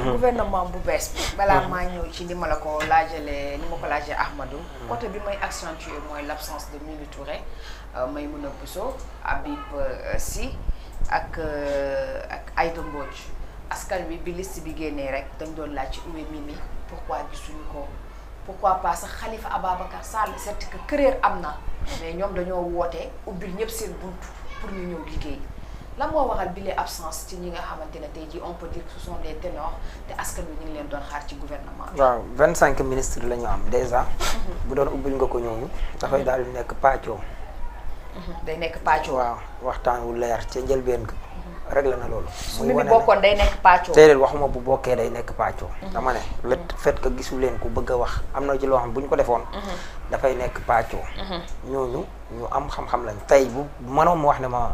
Mhm. gouvernement bu bees bi mhm. balaa maa ñëw ci ni ma la ko laajalee li ma ko laajee Ahmadou côté mhm. bi may accentuer mooy l' absence de Mimi Touré euh, Maïmouna Bousso Habib euh, Sy ak euh, ak Aïda Mbodj askan wi bi liste bi génnee rek dañ doon laaj ci mi Mimi pourquoi gisuñu ko pourquoi pas sax Khalifa Ababacar Sall c'est que am na mais ñoom dañoo woote ubbil ñëpp seen bunt pour ñu ñëw liggéey la moo waral bile absence ci ñi nga xamante ne tey jii on peut dire que ce sont des te askan wi ñu leen doon xaar ci gouvernement waaw vingt cinq ministres la ñu am déjà. Mhm. bu doon ubbil nga ko ñooñu. dafay mhm. daal di nekk pàccoo. Mhm. day nekk pàccoo wu leer ca njëlbeen ga. réglé na loolu. su mi bokkoon day nekk pàccoo. tey waxuma bu bokkee day nekk pàccoo. dama ne le fait que leen ku bëgg wax am na ci loo xam bu ñu ko defoon. dafay nekk pàccoo. ñooñu ñu am xam-xam lañ tey bu mënoon mu wax ne ma.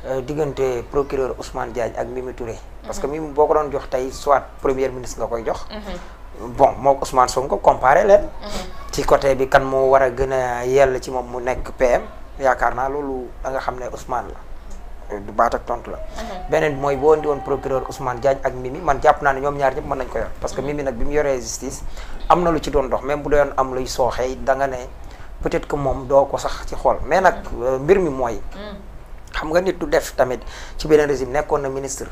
Euh, diggante procureur Ousmane Diagne ak Mimi Touré. parce que Mimi boo ko doon jox tey soit premier ministre nga koy jox. Mhm. bon moo Ousmane Sonko comparé leen. Mhm. ci côté bi kan moo war a gën a yell ci moom mu nekk PM yaakaar naa loolu da nga xam ne Ousmane la euh, du baat ak tontu la. Mhm. beneen bi mooy boo indi woon procureur Ousmane Diagne ak Mimi man jàpp naa ne ñoom ñaar ñëpp mën nañ ko yor. parce que Mimi nag bi mu yoree justice am na lu ci doon dox même bu doon am luy sooxee danga ne peut-être que moom doo ko sax ci xool mais nag euh, mbir mi mooy. xam nga nit du def tamit ci beneen régime nekkoon na ministre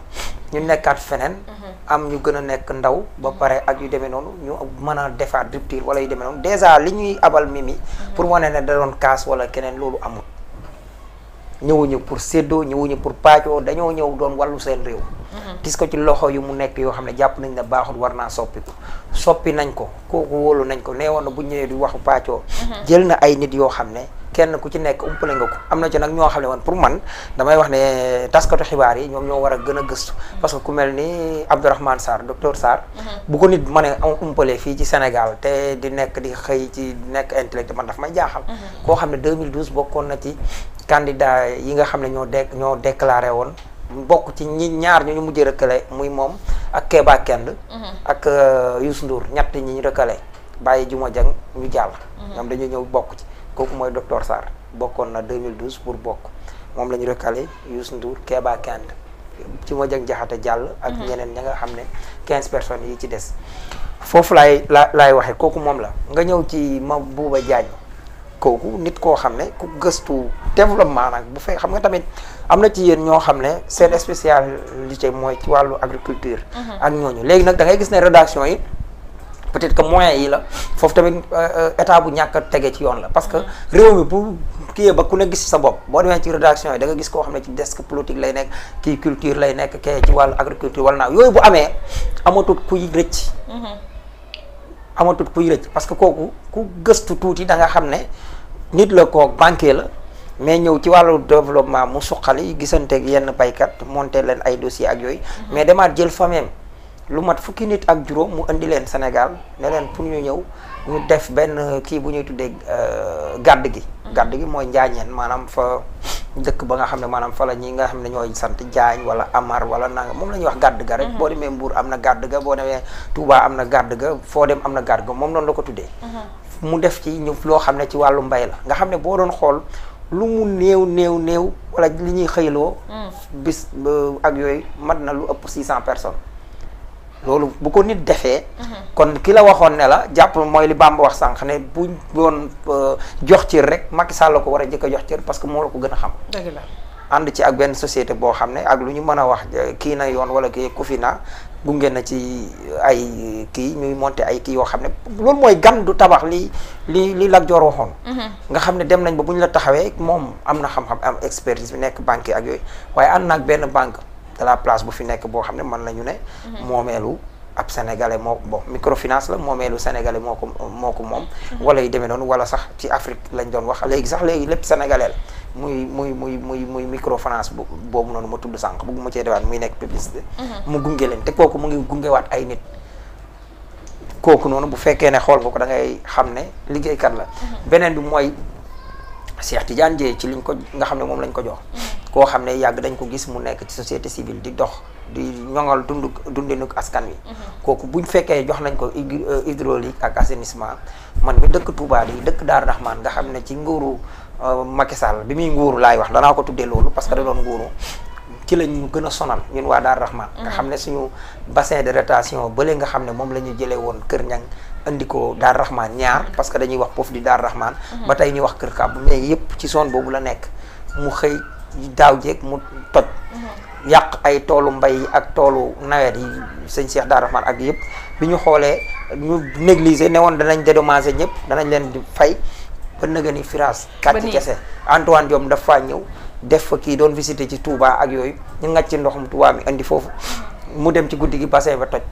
ñu nekkaat feneen. Mhm. am ñu gën a nekk ndaw ba pare ak yu demee noonu ñu mën a defaat rupture wala yu demee noonu dèjà li ñuy abal mimi. Mhm. pour wane ne da doon kaas wala keneen loolu amul. ñëwuñu pour séddoo ñëwuñu pour paajoo dañoo ñëw doon wàllu seen réew. Mhm. gis ko ci loxo yu mu nekk yoo xam ne jàpp nañ ne baaxul war naa soppi ko soppi nañ ko kooku wóolu nañ ko nee woon na bu ñëwee di waxu paajoo. jël na ay nit yoo xam ne. kenn ku ci nekk umpale nga ko am na ci nag ñoo xam ne woon pour man damay wax ne taskatu xibaar yi ñoom ñoo war a gën a gëstu parce que ku mel ni Abdourahmane Sarr docteur Sarr mhm. bu ko nit ma ne umpale fii ci Sénégal te di nekk di xëy ci nekk intellectuel man dafa may jaaxal mhm. koo xam ne 2012 bokkoon na ci candidat yi nga xam ne ñoo de ñoo déclaré woon bokk ci ñi ñaar ñu ñu mujj rëkkale muy moom ak Kéba Kend mhm. ak euh, Youssou Ndour ñett ñi ñu rëkkale bàyyi Juma Jang ñu jàll ñoom dañu ñëw bokk ci kooku mooy docteur Sarr bokkoon na 2012 pour bokk moom la ñu recalé Youssou Ndour Keba Kand ci ma jëg jaxate jàll ak mhm. ñeneen ña nga xam ne quinze personnes yi ci des foofu lay la laay waxee kooku moom la nga ñëw ci ma Buuba Jaañ kooku nit koo xam ne ku gëstu développement nag bu fee xam nga tamit am na ci yéen ñoo xam ne seen spécialité mooy ci wàllu agriculture mhm. ak ñooñu léegi nag da gis ne rédaction yi peut-être que moyens yi la foofu tamit euh, état bu ñàkk a tege ci yoon la parce que réew mi bu kii ba ku ne gis sa bopp boo demee ci rédaction yi da nga gis koo xam ne ci desk politique lay nekk kii culture lay nekk kee ci wàllu agriculture wala naaw yooyu bu amee amatut kuy rëcc. Mm-hmm. amatut kuy rëcc parce que kooku ku gëstu tuuti da nga xam ne nit la koo banquier la mais ñëw ci wàllu développement mu suqali gisante ak yenn baykat monter leen ay dossiers ak yooyu mm-hmm. mais demaat jël fa lu mat fukki nit ak juróom mu indi leen Sénégal ne pour ñu ñëw ñu def benn kii bu ñuy tuddee euh, gàdd gi. Mm-hmm. gàdd gi mooy njaañeen maanaam fa dëkk ba nga xam ne maanaam fa la ñi nga xam ne ñooy sant jaañ wala amar wala nanga moom la ñuy wax gàdd ga rek. Mm-hmm. boo demee Mbour am na gàdd ga boo demee Touba am na gàdd ga foo dem am na gàdd ga moom noonu la ko tuddee. Mm-hmm. mu def ci ñu loo xam ne ci wàllu mbay la nga xam ne boo doon xool. lu mu néew néew néew wala li ñuy xëyloo. Mm. bis euh, ak yooyu mat na lu ëpp six cent personnes. loolu bu ko nit defee. Mhm. kon ki la waxoon ne la jàpp mooy li Bamba wax sànq ne bu doon euh, jox ci rek Macky Sall la ko war a jëkk a jox cër parce que moo la ko gën a xam. dëgg la ànd ci ak benn société boo xam ne ak lu ñu mën a wax euh, kii na yoon wala kii ku fi na gunge na ci euh, ay kii ñuy monter ay kii yoo xam ne loolu mooy gan du tabax li li li Lat Joor waxoon. Mhm. nga xam ne dem nañ ba bu ñu la taxawee moom am na xam-xam am expertise bi nekk banque ak yooyu waaye ànd na ak benn banque. de place bu fi nekk boo xam ne mën la ne mhm. moomeelu ab sénégalais moo bon microfinance la moomeelu sénégalais moo ko moo ko moom mhm. wala yu demee noonu wala sax ci Afrique lañ doon wax léegi sax léegi lépp sénégalais muy muy muy muy muy microfinance bu boobu noonu ma tudd sànq bëgguma cee defaat muy nekk publicité mhm. mu gunge leen te kooku mu ngi gungewaat ay nit kooku noonu bu fekkee ne xool nga ko dangay xam ne liggéeykat la beneen bi mooy Cheikh Tidiane jee ci liñ ko nga xam ne moom lañ ko jox koo xam ne yàgg dañ ko gis mu nekk ci société civile di dox di ñoŋal dund dundinuk askan wi. Mhm. kooku buñ fekkee jox nañ ko euh, hydraulique ak assainissement man mi dëkk Touba di dëkk Daaru Rahman nga xam ne ci nguuru euh, Macky Sall bi muy nguuru laay wax danaa ko tuddee loolu parce que da doon nguuru ci la ñu gën sonal ñun waa Daaru Rahman. nga mhm. xam ne suñu bassin de rétention bële nga xam ne moom la ñu jëlee woon Kër Ñang indi ko Daaru Rahman ñaar mhm. parce que dañuy wax foofu di Daaru Rahman. ba tey ñu wax Kër Kàbb mais yëpp ci zone boobu la nekk daaw jéeg mu toj mhm. yàq ay toolu mbay yi ak toolu nawet yi sëñ Cheikh Daara Rahman ak yëpp bi ñu xoolee ñu négligé ne woon danañ dédommager ñëpp danañ leen di fay ba naga ni firage kàcc kese Antoine Diome daf faa ñëw def fa kii doon visité ci tuubaa ak yooyu ñu ngàcc ci ndoxum Touba indi foofu mhm. mu dem ci guddi gi bassin ba toj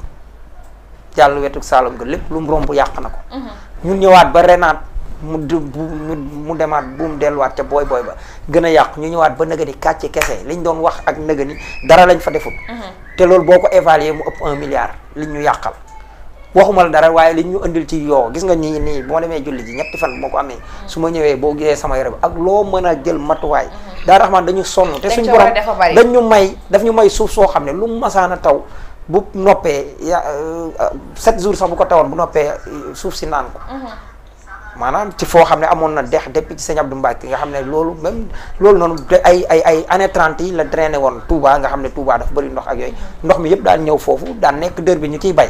jàll wetuk Saalum ga lépp lu mu romb yàq na ko mhm. ñun ñëwaat ba renaat mu du mu demaat buum delluwaat ca booy booy ba gën a yàq ñu ñëwaat ba nëgëni kàcce kese liñ doon wax ak nëgëni dara lañ fa deful. Mhm. te loolu boo ko évaluer mu ëpp un milliard liñ ñu yàqal. waxuma la dara waaye li ñu indil ci yoo gis nga nii nii bu ma demee julli ji ñetti fan moo ko amee. Mhm. su ma ñëwee boo gisee sama yaram ak loo mën a jël matuwaay. Mhm. daa raxmaan dañu sonn te suñ borom dañ ñu may daf ñu may suuf soo xam ne lu masaana taw. bu noppee ya euh, euh, sept jours sax bu ko tawoon bu noppee euh, suuf si naan ko maanaam ci foo xam ne amoon na dex depuis ci sëñ Abdou Mbacke nga xam ne loolu même loolu noonu ay ay ay année trente yi la drainé woon Touba nga xam ne Touba dafa bëri ndox ak yooyu ndox mi yëpp daan ñëw foofu daan nekk dër bi ñu ciy bay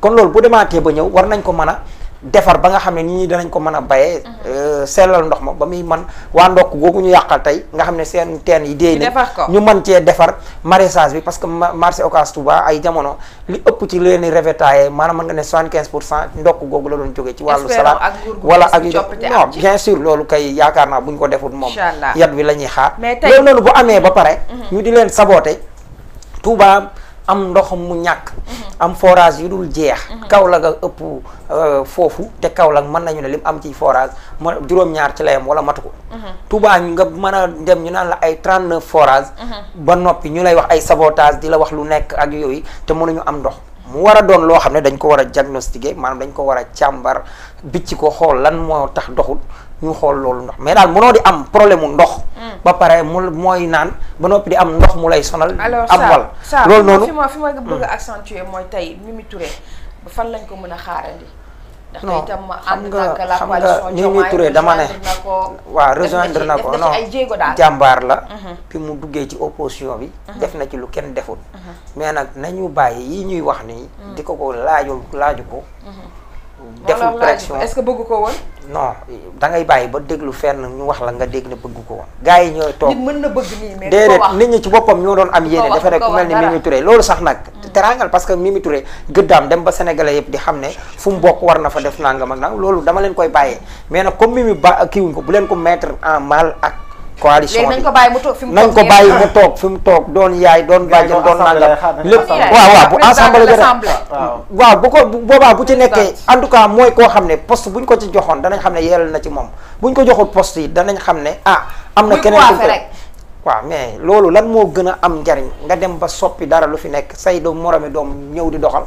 kon loolu bu demaatee ba ñëw war nañ ko mën a defar ba nga xam ne nit ñi danañ ko mën a bayee. Euh, sellal ndox ma ba muy man waa ndokk googu ñu yàqal tey nga xam ne seen teen yi. dee nañ ñu man cee defar maraîchage bi parce que marché Ocass Touba ay jamono li ëpp ci leen revêtaillé maanaam mën nga ne soixante quinze pour cent ndokk googu la doon jógee. ci wàllu salaat wala ak non bien sûr loolu kay yaakaar naa bu ñu ko deful moom. yat bi la ñuy xaar. loolu noonu bu amee ba pare. Mhm. ñu di leen saboote Touba am ndox mu ñàkk mhm. am forage yu dul jeex. Mhm. Kaolack ak ëpp euh, foofu te Kaolack mën nañu ne lim am ci forage ma juróom-ñaar ci layam wala matu ko. Mhm. Touba ñu nga mën a dem ñu naan la ay 39 forage mhm. ba noppi ñu lay wax ay sabotage di la wax lu nekk ak yooyu te mënuñu am ndox. mu war a doon loo xam ne dañ ko war a diagnostiqué maanaam dañ ko war a càmbar bicc ko xool lan moo tax doxul ñu xool loolu ndox mais daal mënoo di am problème mu ndox. Hmm. ba pare mu mooy naan ba noppi di am ndox mu lay sonal. am wal loolu noonu fi ma fi ma hmm. bëgg a accentuer mooy tey Mimi Touré fan lañ ko mën a xaarandi. ndax itam ànd nga xam jàmbaar la. Mhm. fi mu duggee ci opposition bi. Mhm. def na ci lu kenn deful. Mhm. mais nag nañu bàyyi yi ñuy wax nii. di ko ko laajul laaju ko. deful pression est-ce bëgg ko woon. non da bàyyi ba déglu fenn ñu wax la nga dégg ne bëgg ko woon. gars yi toog nit mën na bëgg nii mais déedéet nit ñi ci boppam ñoo doon am yéene dafa ku mel ni Mimi Touré loolu sax nag mm. terangal parce que Mimi Touré gëddaam dem ba sénégalais yëpp di xam ne fu mu bokk war na fa def nangam ak nang loolu dama leen koy bàyyee mais nag comme Mimi ba kiiwuñ ko bu leen ko mettre en mal ak coalition bi nañ ko bàyyi mu toog fi mu toog doon yaay doon bàjjen doon nangam lépp waaw waaw bu assemblée gën waaw bu ko boobaa bu ci nekkee en tout cas mooy koo xam ne post bu ñu ko ci joxoon danañ xam ne yeelal na ci moom bu ñu ko joxul post yi danañ xam ne ah am na keneen ku waaw mais loolu lan moo gën a am njariñ nga dem ba soppi dara lu fi nekk say doom moromi doom ñëw di doxal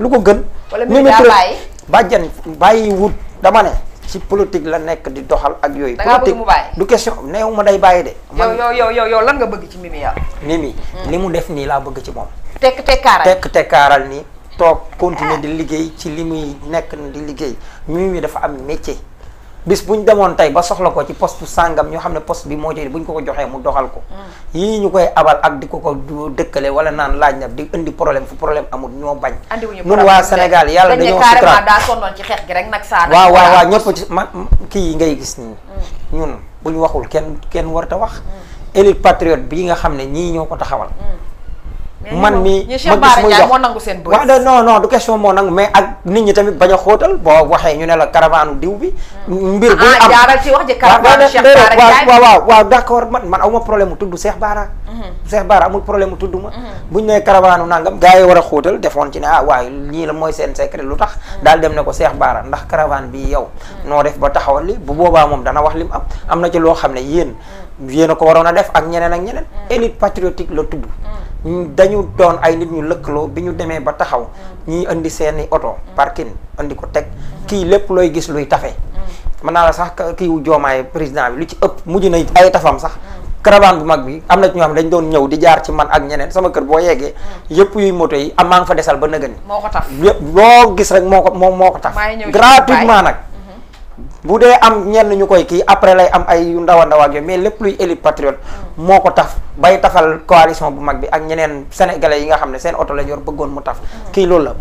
lu ko gën. wala bàyyi bàjjan bàyyi wut dama ne. ci politique la nekk di doxal ak yooyu. politique du question néew ma day bàyyi de. man yow yow yow yow lan nga bëgg ci Mimi Yàlla. Mimi hmm. li mu def nii laa bëgg ci moom. tekk tekkaaral tekk tekkaaral nii. toog continuer di liggéey ci li muy nekk di liggéey Mimi dafa am métier. bis bu ñu demoon tey ba soxla ko ci poste sàngam ñoo xam ne post bi moo ci bu ñu ko ko joxee mu doxal ko. Mm. yii ñu koy abal ak di ko ko dëkkale wala naan laaj na di indi problème fu problème amul ñoo bañ. andiwuñu problème nun waa Sénégal yàlla dañoo. sutura carrément daa sonnoon ci xeex gi rek nag. saa waaw waaw waaw ñëpp kii yi ngay gis nii. Mm. ñun bu ñu waxul kenn kenn warta wax. Mm. élite patriote bii nga xam ne ñii ñoo ko taxawal. man mi ma gis muy nangu seen waaw de non du question moo nangu mais ak nit ñi tamit bañ xootal boo waxee ñu ne la caravane diw bi. Hmm. mbir bu ah, am jaaral wax ji caravane Cheikh Bara Ndiaye waaw waaw waaw d' man man ma problème mu tudd seex Bara. Hmm. Cheikh Bara amul problème mu tudd ma. Hmm. buñ nee caravane nangam gaa yi war a xóotal defoon ci ne ah waaye lii la mooy seen secret lu tax. daal dem ne ko seex Bara ndax caravane bii yow. noo def ba taxawal li bu boobaa moom dana wax lim am am na ci loo xam ne yéen. yéen a ko waroon a def ak ñeneen ak ñeneen. élite patriotique tudd. dañu doon ay nit ñu lëkkaloo bi ñu demee ba taxaw ñiy indi seeni oto parking indi ko teg kii lépp looy gis luy tafe mën naa la sax kii wu joomaay président bi lu ci ëpp mujj na ay tafam sax caravane bu mag bi am na ci ñoo xam ne dañ doon ñëw di jaar ci man ak ñeneen sama kër boo yeggee yëpp yuy moto yi am ngi fa desal ba nëgëni moo ko taf yëpp boo gis rek moo ko moo ko taf gratuitement nag bu dee am ñenn ñu koy kii après lay am ay yu ndaw ak yooyu mais lépp luy élite patriote moo ko taf bay taxal coalition bu mag bi ak ñeneen sénégalais yi nga xam ne seen oto lañ yor bëggoon mu tax mm. kii loolu la